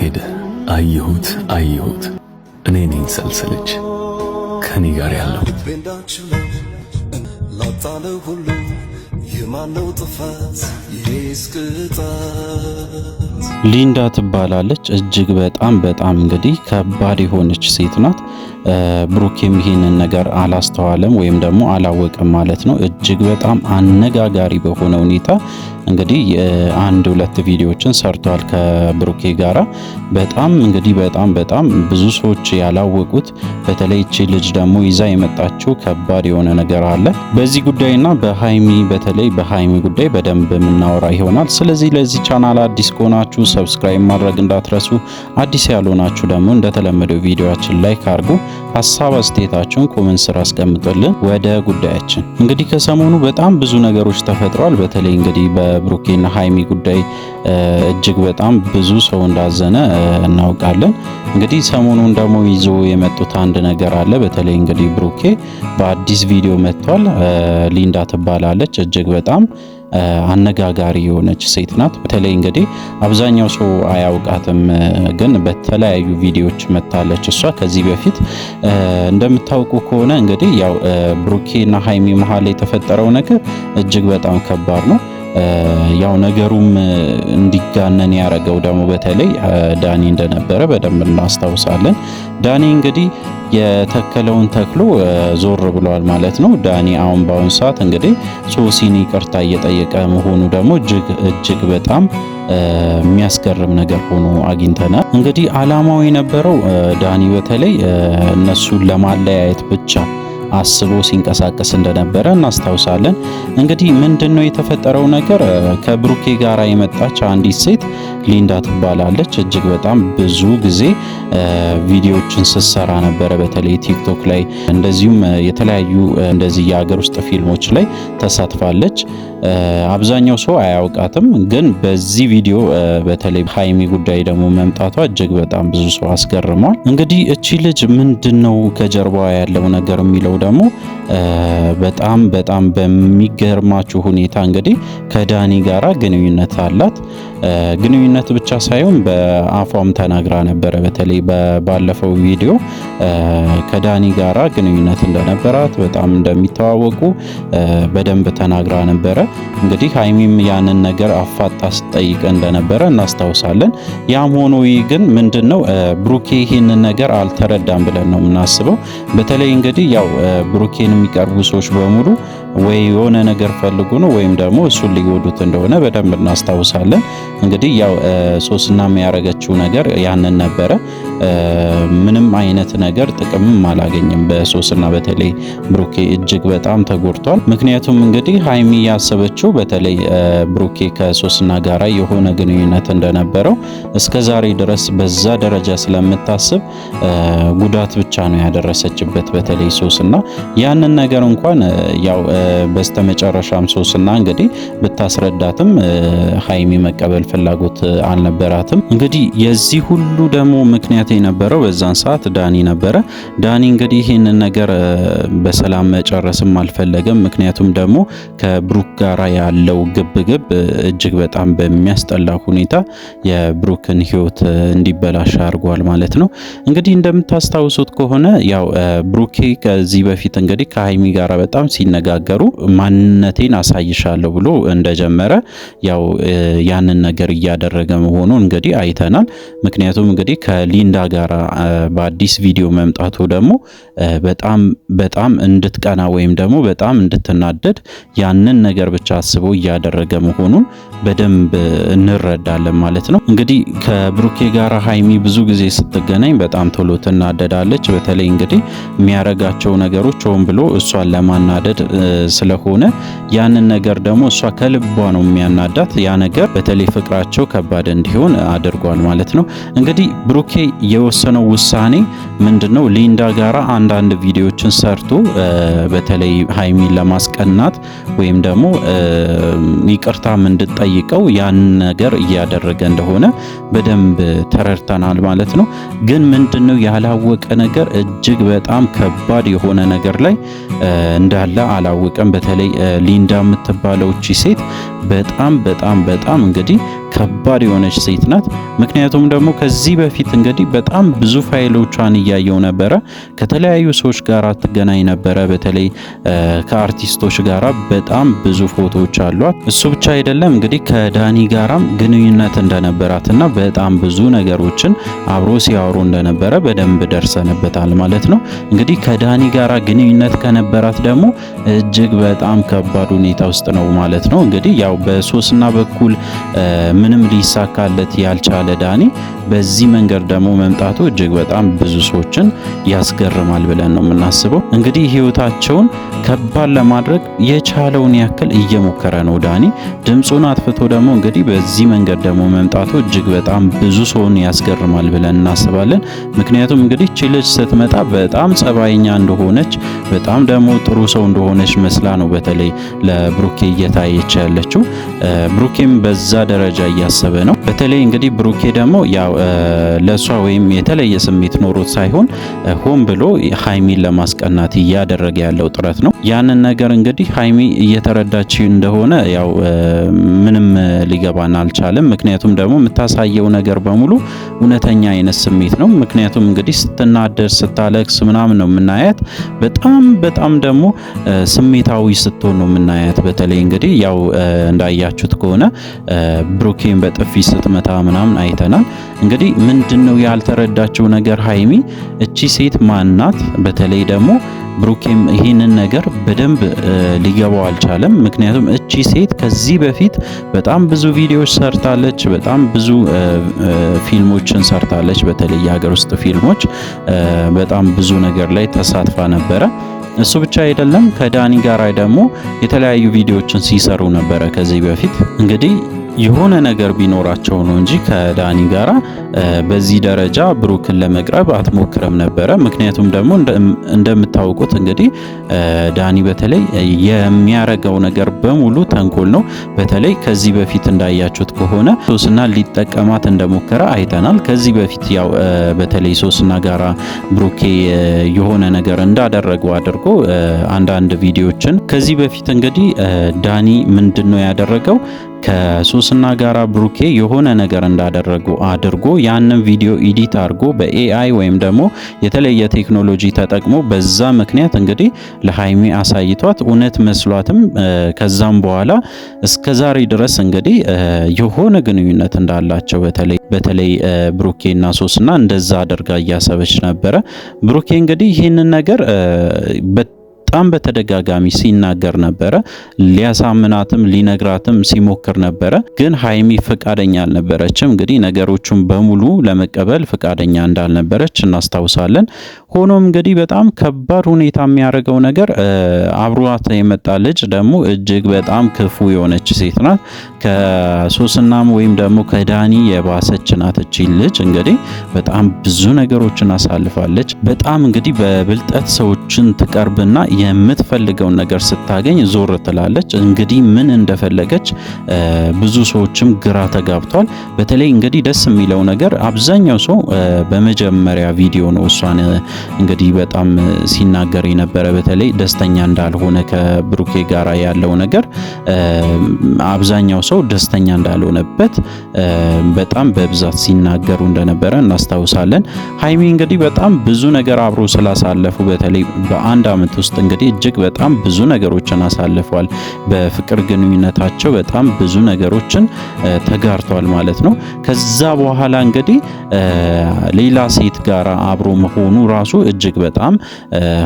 ሄደ። አየሁት አየሁት እኔ ነኝ ሰልሰለች ከኔ ጋር ያለው ላጣለው ሁሉ የማነው ጥፋት? ሊንዳ ትባላለች። እጅግ በጣም በጣም እንግዲህ ከባድ የሆነች ሴት ናት። ብሩኬም ይህንን ነገር አላስተዋለም ወይም ደግሞ አላወቅም ማለት ነው። እጅግ በጣም አነጋጋሪ በሆነ ሁኔታ እንግዲህ አንድ ሁለት ቪዲዮዎችን ሰርቷል ከብሩኬ ጋራ። በጣም እንግዲህ በጣም በጣም ብዙ ሰዎች ያላወቁት በተለይ እቺ ልጅ ደግሞ ይዛ የመጣችው ከባድ የሆነ ነገር አለ። በዚህ ጉዳይና በሃይሚ በተለይ በሃይሚ ጉዳይ በደንብ የምናወራ ይሆናል። ስለዚህ ለዚህ ቻናል አዲስ ከሆናችሁ ሰብስክራይብ ማድረግ እንዳትረሱ፣ አዲስ ያልሆናችሁ ደግሞ እንደተለመደው ቪዲዮችን ላይክ አድርጉ። ሀሳብ አስተያየታችሁን ኮመንት ስር አስቀምጡልን። ወደ ጉዳያችን እንግዲህ ከሰሞኑ በጣም ብዙ ነገሮች ተፈጥሯል። በተለይ እንግዲህ በብሩኬና ሀይሚ ጉዳይ እጅግ በጣም ብዙ ሰው እንዳዘነ እናውቃለን። እንግዲህ ሰሞኑን ደግሞ ይዞ የመጡት አንድ ነገር አለ። በተለይ እንግዲህ ብሩኬ በአዲስ ቪዲዮ መጥቷል። ሊንዳ ትባላለች እጅግ በጣም አነጋጋሪ የሆነች ሴት ናት። በተለይ እንግዲህ አብዛኛው ሰው አያውቃትም፣ ግን በተለያዩ ቪዲዮዎች መታለች። እሷ ከዚህ በፊት እንደምታውቁ ከሆነ እንግዲህ ያው ብሩኬና ሀይሚ መሀል የተፈጠረው ነገር እጅግ በጣም ከባድ ነው። ያው ነገሩም እንዲጋነን ያደረገው ደግሞ በተለይ ዳኒ እንደነበረ በደንብ እናስታውሳለን። ዳኒ እንግዲህ የተከለውን ተክሎ ዞር ብለዋል ማለት ነው። ዳኒ አሁን በአሁኑ ሰዓት እንግዲህ ሶሲን ይቅርታ እየጠየቀ መሆኑ ደግሞ እጅግ እጅግ በጣም የሚያስገርም ነገር ሆኖ አግኝተናል። እንግዲህ አላማው የነበረው ዳኒ በተለይ እነሱን ለማለያየት ብቻ አስቦ ሲንቀሳቀስ እንደነበረ እናስታውሳለን። እንግዲህ ምንድነው የተፈጠረው ነገር? ከብሩኬ ጋር የመጣች አንዲት ሴት ሊንዳ ትባላለች። እጅግ በጣም ብዙ ጊዜ ቪዲዮዎችን ስትሰራ ነበረ፣ በተለይ ቲክቶክ ላይ እንደዚሁም የተለያዩ እንደዚህ የሀገር ውስጥ ፊልሞች ላይ ተሳትፋለች። አብዛኛው ሰው አያውቃትም። ግን በዚህ ቪዲዮ በተለይ ሀይሚ ጉዳይ ደግሞ መምጣቷ እጅግ በጣም ብዙ ሰው አስገርሟል። እንግዲህ እቺ ልጅ ምንድን ነው ከጀርባዋ ያለው ነገር የሚለው ደግሞ በጣም በጣም በሚገርማችሁ ሁኔታ እንግዲህ ከዳኒ ጋራ ግንኙነት አላት። ግንኙነት ብቻ ሳይሆን በአፏም ተናግራ ነበረ። በተለይ ባለፈው ቪዲዮ ከዳኒ ጋራ ግንኙነት እንደነበራት በጣም እንደሚተዋወቁ በደንብ ተናግራ ነበረ። እንግዲህ ሀይሚም ያንን ነገር አፋጣ ስጠይቀ እንደነበረ እናስታውሳለን። ያም ሆኖ ግን ምንድን ነው ብሩኬ ይህንን ነገር አልተረዳም ብለን ነው የምናስበው። በተለይ እንግዲህ ያው ብሩኬን የሚቀርቡ ሰዎች በሙሉ ወይ የሆነ ነገር ፈልጉ ነው ወይም ደግሞ እሱን ሊወዱት እንደሆነ በደንብ እናስታውሳለን። እንግዲህ ያው ሶስና ያረገችው ነገር ያንን ነበረ። ምንም አይነት ነገር ጥቅምም አላገኝም። በሶስና በተለይ ብሩኬ እጅግ በጣም ተጎድቷል። ምክንያቱም እንግዲህ ሀይሚ ያሰበችው በተለይ ብሩኬ ከሶስና ጋራ የሆነ ግንኙነት እንደነበረው እስከ ዛሬ ድረስ በዛ ደረጃ ስለምታስብ ጉዳት ብቻ ነው ያደረሰችበት። በተለይ ሶስና ያንን ነገር እንኳን ያው በስተመጨረሻም ሶስና እንግዲህ ብታስረዳትም ሀይሚ መቀበል ፍላጎት አልነበራትም። እንግዲህ የዚህ ሁሉ ደግሞ ምክንያት የነበረው በዛን ሰዓት ዳኒ ነበረ። ዳኒ እንግዲህ ይህንን ነገር በሰላም መጨረስም አልፈለገም። ምክንያቱም ደግሞ ከብሩክ ጋር ያለው ግብግብ እጅግ በጣም በሚያስጠላ ሁኔታ የብሩክን ህይወት እንዲበላሽ አድርጓል ማለት ነው። እንግዲህ እንደምታስታውሱት ከሆነ ያው ብሩኬ ከዚህ በፊት እንግዲህ ከሀይሚ ጋር በጣም ሲነጋገሩ ማንነቴን አሳይሻለሁ ብሎ እንደጀመረ ያው ያንን ነገር ነገር እያደረገ መሆኑ እንግዲህ አይተናል። ምክንያቱም እንግዲህ ከሊንዳ ጋር በአዲስ ቪዲዮ መምጣቱ ደግሞ በጣም በጣም እንድትቀና ወይም ደግሞ በጣም እንድትናደድ ያንን ነገር ብቻ አስቦ እያደረገ መሆኑን በደንብ እንረዳለን ማለት ነው። እንግዲህ ከብሩኬ ጋር ሀይሚ ብዙ ጊዜ ስትገናኝ በጣም ቶሎ ትናደዳለች። በተለይ እንግዲህ የሚያረጋቸው ነገሮች ሆን ብሎ እሷን ለማናደድ ስለሆነ ያንን ነገር ደግሞ እሷ ከልቧ ነው የሚያናዳት። ያ ነገር በተለይ ፍቅራቸው ከባድ እንዲሆን አድርጓል ማለት ነው። እንግዲህ ብሩኬ የወሰነው ውሳኔ ምንድነው ሊንዳ ጋራ አንዳንድ ቪዲዮዎችን ሰርቶ በተለይ ሀይሚን ለማስቀናት ወይም ደግሞ ይቅርታም እንድጠይቀው ያን ነገር እያደረገ እንደሆነ በደንብ ተረድተናል ማለት ነው። ግን ምንድነው ያላወቀ ነገር እጅግ በጣም ከባድ የሆነ ነገር ላይ እንዳለ አላወቀም። በተለይ ሊንዳ የምትባለው እቺ ሴት በጣም በጣም በጣም እንግዲህ ከባድ የሆነች ሴት ናት። ምክንያቱም ደግሞ ከዚህ በፊት እንግዲህ በጣም ብዙ ፋይሎቿን እያየው ነበረ። ከተለያዩ ሰዎች ጋር ትገናኝ ነበረ። በተለይ ከአርቲስቶች ጋራ በጣም ብዙ ፎቶዎች አሏት። እሱ ብቻ አይደለም እንግዲህ ከዳኒ ጋራም ግንኙነት እንደነበራትና በጣም ብዙ ነገሮችን አብሮ ሲያወሩ እንደነበረ በደንብ ደርሰንበታል ማለት ነው። እንግዲህ ከዳኒ ጋራ ግንኙነት ከነበራት ደግሞ እጅግ በጣም ከባድ ሁኔታ ውስጥ ነው ማለት ነው። እንግዲህ ያው በሶስና በኩል ምንም ሊሳካለት ያልቻለ ዳኒ በዚህ መንገድ ደግሞ መምጣቱ እጅግ በጣም ብዙ ሰዎችን ያስገርማል ብለን ነው የምናስበው። እንግዲህ ህይወታቸውን ከባድ ለማድረግ የቻለውን ያክል እየሞከረ ነው ዳኒ ድምፁን አጥፍቶ ደግሞ እንግዲህ በዚህ መንገድ ደግሞ መምጣቱ እጅግ በጣም ብዙ ሰውን ያስገርማል ብለን እናስባለን። ምክንያቱም እንግዲህ ቺ ልጅ ስትመጣ በጣም ጸባይኛ እንደሆነች፣ በጣም ደግሞ ጥሩ ሰው እንደሆነች መስላ ነው በተለይ ለብሩኬ እየታየች ያለችው። ብሩኬም በዛ ደረጃ ጉዳይ እያሰበ ነው። በተለይ እንግዲህ ብሩኬ ደግሞ ያው ለእሷ ወይም የተለየ ስሜት ኖሮት ሳይሆን ሆን ብሎ ሀይሚን ለማስቀናት እያደረገ ያለው ጥረት ነው። ያንን ነገር እንግዲህ ሀይሚ እየተረዳች እንደሆነ ያው ምንም ሊገባን አልቻለም። ምክንያቱም ደግሞ የምታሳየው ነገር በሙሉ እውነተኛ አይነት ስሜት ነው። ምክንያቱም እንግዲህ ስትናደድ፣ ስታለቅስ ምናምን ነው የምናያት። በጣም በጣም ደግሞ ስሜታዊ ስትሆን ነው የምናያት። በተለይ እንግዲህ ያው እንዳያችሁት ከሆነ ብሩክ ብሩኬን በጥፊ ስትመታ ምናምን አይተናል። እንግዲህ ምንድነው ያልተረዳችው ነገር ሀይሚ እቺ ሴት ማናት? በተለይ ደግሞ ብሩኬም ይህንን ነገር በደንብ ሊገባው አልቻለም። ምክንያቱም እቺ ሴት ከዚህ በፊት በጣም ብዙ ቪዲዮዎች ሰርታለች፣ በጣም ብዙ ፊልሞችን ሰርታለች። በተለይ የሀገር ውስጥ ፊልሞች በጣም ብዙ ነገር ላይ ተሳትፋ ነበረ። እሱ ብቻ አይደለም፣ ከዳኒ ጋር ደግሞ የተለያዩ ቪዲዮዎችን ሲሰሩ ነበረ ከዚህ በፊት እንግዲህ የሆነ ነገር ቢኖራቸው ነው እንጂ ከዳኒ ጋራ በዚህ ደረጃ ብሩክን ለመቅረብ አትሞክርም ነበረ። ምክንያቱም ደግሞ እንደምታውቁት እንግዲህ ዳኒ በተለይ የሚያረገው ነገር በሙሉ ተንኮል ነው። በተለይ ከዚህ በፊት እንዳያችሁት ከሆነ ሶስና ሊጠቀማት እንደሞከረ አይተናል። ከዚህ በፊት ያው በተለይ ሶስና ጋራ ብሩኬ የሆነ ነገር እንዳደረገው አድርጎ አንዳንድ ቪዲዮችን ከዚህ በፊት እንግዲህ ዳኒ ምንድን ነው ያደረገው ከሱስና ጋራ ብሩኬ የሆነ ነገር እንዳደረጉ አድርጎ ያንን ቪዲዮ ኢዲት አድርጎ በኤአይ ወይም ደግሞ የተለየ ቴክኖሎጂ ተጠቅሞ በዛ ምክንያት እንግዲህ ለሀይሚ አሳይቷት እውነት መስሏትም ከዛም በኋላ እስከ ዛሬ ድረስ እንግዲህ የሆነ ግንኙነት እንዳላቸው በተለይ በተለይ ብሩኬና ሱስና እንደዛ አድርጋ እያሰበች ነበረ። ብሩኬ እንግዲህ ይህንን ነገር በጣም በተደጋጋሚ ሲናገር ነበረ። ሊያሳምናትም ሊነግራትም ሲሞክር ነበረ። ግን ሀይሚ ፈቃደኛ አልነበረችም። እንግዲህ ነገሮቹን በሙሉ ለመቀበል ፈቃደኛ እንዳልነበረች እናስታውሳለን። ሆኖም እንግዲህ በጣም ከባድ ሁኔታ የሚያደርገው ነገር አብሯት የመጣ ልጅ ደግሞ እጅግ በጣም ክፉ የሆነች ሴት ናት። ከሶስናም ወይም ደግሞ ከዳኒ የባሰች ናት። እቺ ልጅ እንግዲህ በጣም ብዙ ነገሮችን አሳልፋለች። በጣም እንግዲህ በብልጠት ሰዎችን ትቀርብና የምትፈልገውን ነገር ስታገኝ ዞር ትላለች። እንግዲህ ምን እንደፈለገች ብዙ ሰዎችም ግራ ተጋብቷል። በተለይ እንግዲህ ደስ የሚለው ነገር አብዛኛው ሰው በመጀመሪያ ቪዲዮ ነው እሷን እንግዲህ በጣም ሲናገር የነበረ በተለይ ደስተኛ እንዳልሆነ ከብሩኬ ጋራ ያለው ነገር አብዛኛው ሰው ደስተኛ እንዳልሆነበት በጣም በብዛት ሲናገሩ እንደነበረ እናስታውሳለን። ሀይሚ እንግዲህ በጣም ብዙ ነገር አብሮ ስላሳለፉ በተለይ በአንድ አመት ውስጥ እንግዲህ እጅግ በጣም ብዙ ነገሮችን አሳልፏል። በፍቅር ግንኙነታቸው በጣም ብዙ ነገሮችን ተጋርቷል ማለት ነው። ከዛ በኋላ እንግዲህ ሌላ ሴት ጋራ አብሮ መሆኑ ራሱ ራሱ እጅግ በጣም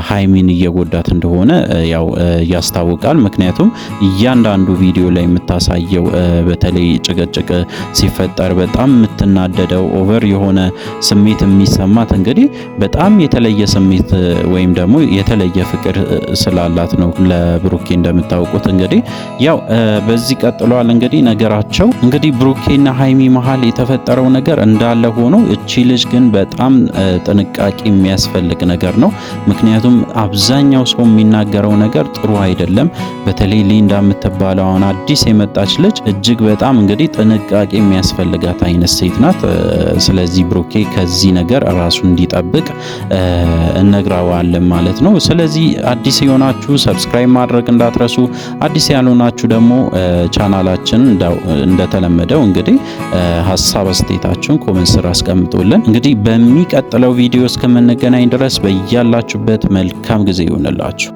ሀይሚን እየጎዳት እንደሆነ ያው ያስታውቃል። ምክንያቱም እያንዳንዱ ቪዲዮ ላይ የምታሳየው በተለይ ጭቅጭቅ ሲፈጠር በጣም የምትናደደው ኦቨር የሆነ ስሜት የሚሰማት እንግዲህ በጣም የተለየ ስሜት ወይም ደግሞ የተለየ ፍቅር ስላላት ነው ለብሩኬ እንደምታውቁት እንግዲህ ያው በዚህ ቀጥሏል። እንግዲህ ነገራቸው እንግዲህ ብሩኬና ሀይሚ መሀል የተፈጠረው ነገር እንዳለ ሆኖ እቺ ልጅ ግን በጣም ጥንቃቄ የሚያስ የሚያስፈልግ ነገር ነው። ምክንያቱም አብዛኛው ሰው የሚናገረው ነገር ጥሩ አይደለም። በተለይ ሊንዳ የምትባለው አሁን አዲስ የመጣች ልጅ እጅግ በጣም እንግዲህ ጥንቃቄ የሚያስፈልጋት አይነት ሴት ናት። ስለዚህ ብሩኬ ከዚህ ነገር ራሱ እንዲጠብቅ እነግረዋለን ማለት ነው። ስለዚህ አዲስ የሆናችሁ ሰብስክራይብ ማድረግ እንዳትረሱ። አዲስ ያልሆናችሁ ደግሞ ቻናላችን እንደተለመደው እንግዲህ ሀሳብ አስተያየታችሁን ኮመንት ስር አስቀምጡልን። እንግዲህ በሚቀጥለው ቪዲዮ እስከምንገናኝ እስክንገናኝ ድረስ በያላችሁበት መልካም ጊዜ ይሆንላችሁ።